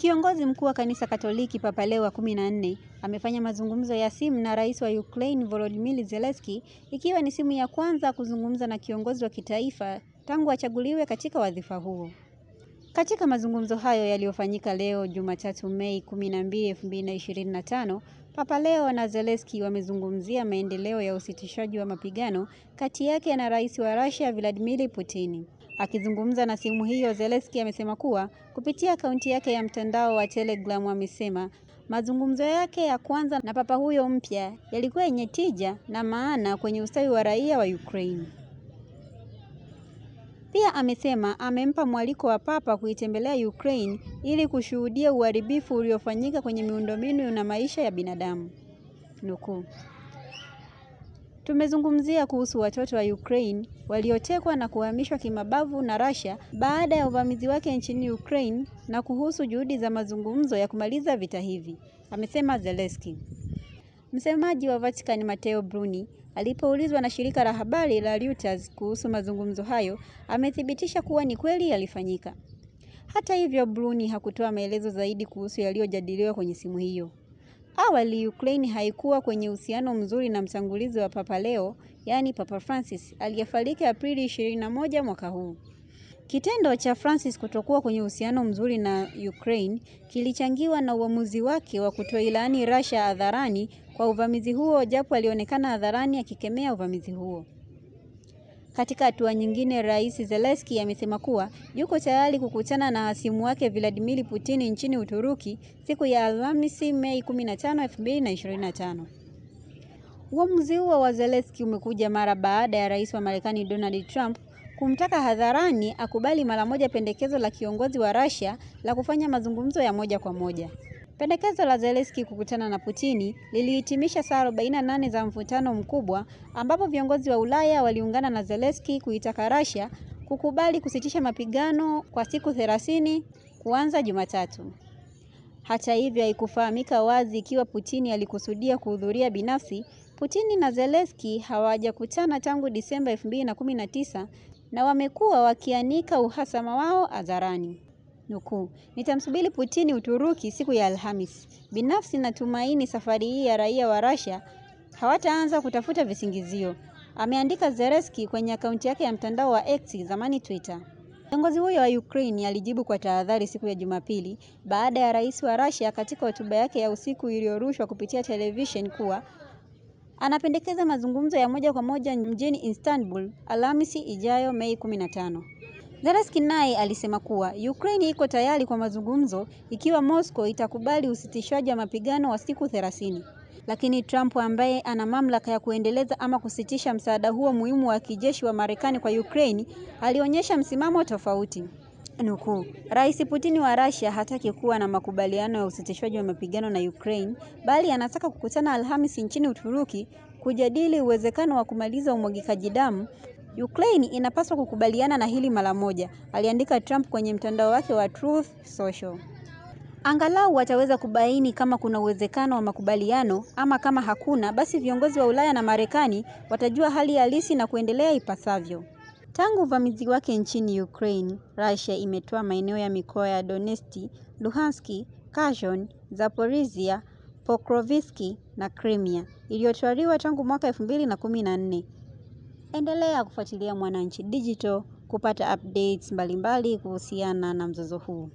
Kiongozi mkuu wa Kanisa Katoliki Papa Leo wa kumi na nne amefanya mazungumzo ya simu na Rais wa Ukraine Volodymyr Zelensky ikiwa ni simu ya kwanza kuzungumza na kiongozi wa kitaifa tangu achaguliwe katika wadhifa huo. Katika mazungumzo hayo yaliyofanyika leo Jumatatu Mei 12, 2025, Papa Leo na Zelensky wamezungumzia maendeleo ya usitishaji wa mapigano kati yake na Rais wa Russia Vladimir Putin. Akizungumza na simu hiyo, Zelensky amesema kuwa kupitia akaunti yake ya mtandao wa Telegram amesema mazungumzo yake ya kwanza na papa huyo mpya yalikuwa yenye tija na maana kwenye ustawi wa raia wa Ukraine. Pia amesema amempa mwaliko wa papa kuitembelea Ukraine ili kushuhudia uharibifu uliofanyika kwenye miundombinu na maisha ya binadamu. Nukuu, Tumezungumzia kuhusu watoto wa Ukraine waliotekwa na kuhamishwa kimabavu na Russia baada ya uvamizi wake nchini Ukraine na kuhusu juhudi za mazungumzo ya kumaliza vita hivi, amesema Zelensky. Msemaji wa Vatican Matteo Bruni alipoulizwa na shirika la habari la Reuters kuhusu mazungumzo hayo, amethibitisha kuwa ni kweli yalifanyika. Hata hivyo, Bruni hakutoa maelezo zaidi kuhusu yaliyojadiliwa kwenye simu hiyo. Awali Ukraine haikuwa kwenye uhusiano mzuri na mtangulizi wa Papa Leo, yaani Papa Francis aliyefariki Aprili 21 mwaka huu. Kitendo cha Francis kutokuwa kwenye uhusiano mzuri na Ukraine kilichangiwa na uamuzi wake wa kutoilaani Russia hadharani kwa uvamizi huo, japo alionekana hadharani akikemea uvamizi huo. Katika hatua nyingine, Rais Zelensky amesema kuwa yuko tayari kukutana na hasimu wake Vladimir Putin nchini Uturuki siku ya Alhamisi, Mei 15, 2025. Uamuzi huo wa Zelensky umekuja mara baada ya Rais wa Marekani Donald Trump kumtaka hadharani akubali mara moja pendekezo la kiongozi wa Russia la kufanya mazungumzo ya moja kwa moja. Pendekezo la Zelensky kukutana na putini lilihitimisha saa 48 za mvutano mkubwa ambapo viongozi wa Ulaya waliungana na Zelensky kuitaka Russia kukubali kusitisha mapigano kwa siku 30 kuanza Jumatatu. Hata hivyo, haikufahamika wazi ikiwa putini alikusudia kuhudhuria binafsi. putini na Zelensky hawajakutana tangu Disemba 2019 na wamekuwa wakianika uhasama wao hadharani. Nukuu, nitamsubiri Putini Uturuki siku ya Alhamis. Binafsi natumaini safari hii ya raia wa Russia hawataanza kutafuta visingizio, ameandika Zelensky kwenye akaunti yake ya mtandao wa X zamani Twitter. Kiongozi huyo wa Ukraine alijibu kwa tahadhari siku ya Jumapili baada ya rais wa Russia katika hotuba yake ya usiku iliyorushwa kupitia television kuwa anapendekeza mazungumzo ya moja kwa moja mjini Istanbul Alhamisi ijayo Mei 15. Zelensky naye alisema kuwa Ukraine iko tayari kwa mazungumzo ikiwa Moscow itakubali usitishaji wa mapigano wa siku 30. Lakini Trump ambaye ana mamlaka ya kuendeleza ama kusitisha msaada huo muhimu wa kijeshi wa Marekani kwa Ukraine alionyesha msimamo tofauti. Nukuu, Rais Putin wa Russia hataki kuwa na makubaliano ya usitishwaji wa mapigano na Ukraine, bali anataka kukutana Alhamisi nchini Uturuki kujadili uwezekano wa kumaliza umwagikaji damu Ukraine inapaswa kukubaliana na hili mara moja, aliandika Trump kwenye mtandao wake wa Truth Social. Angalau wataweza kubaini kama kuna uwezekano wa makubaliano ama kama hakuna, basi viongozi wa Ulaya na Marekani watajua hali halisi na kuendelea ipasavyo. Tangu uvamizi wake nchini Ukraine, Russia imetoa maeneo ya mikoa ya Donetsk, Luhansk, Kherson, Zaporizhia, Pokrovsk na Crimea iliyotwaliwa tangu mwaka 2014. Endelea kufuatilia Mwananchi Digital kupata updates mbalimbali kuhusiana na mzozo huu.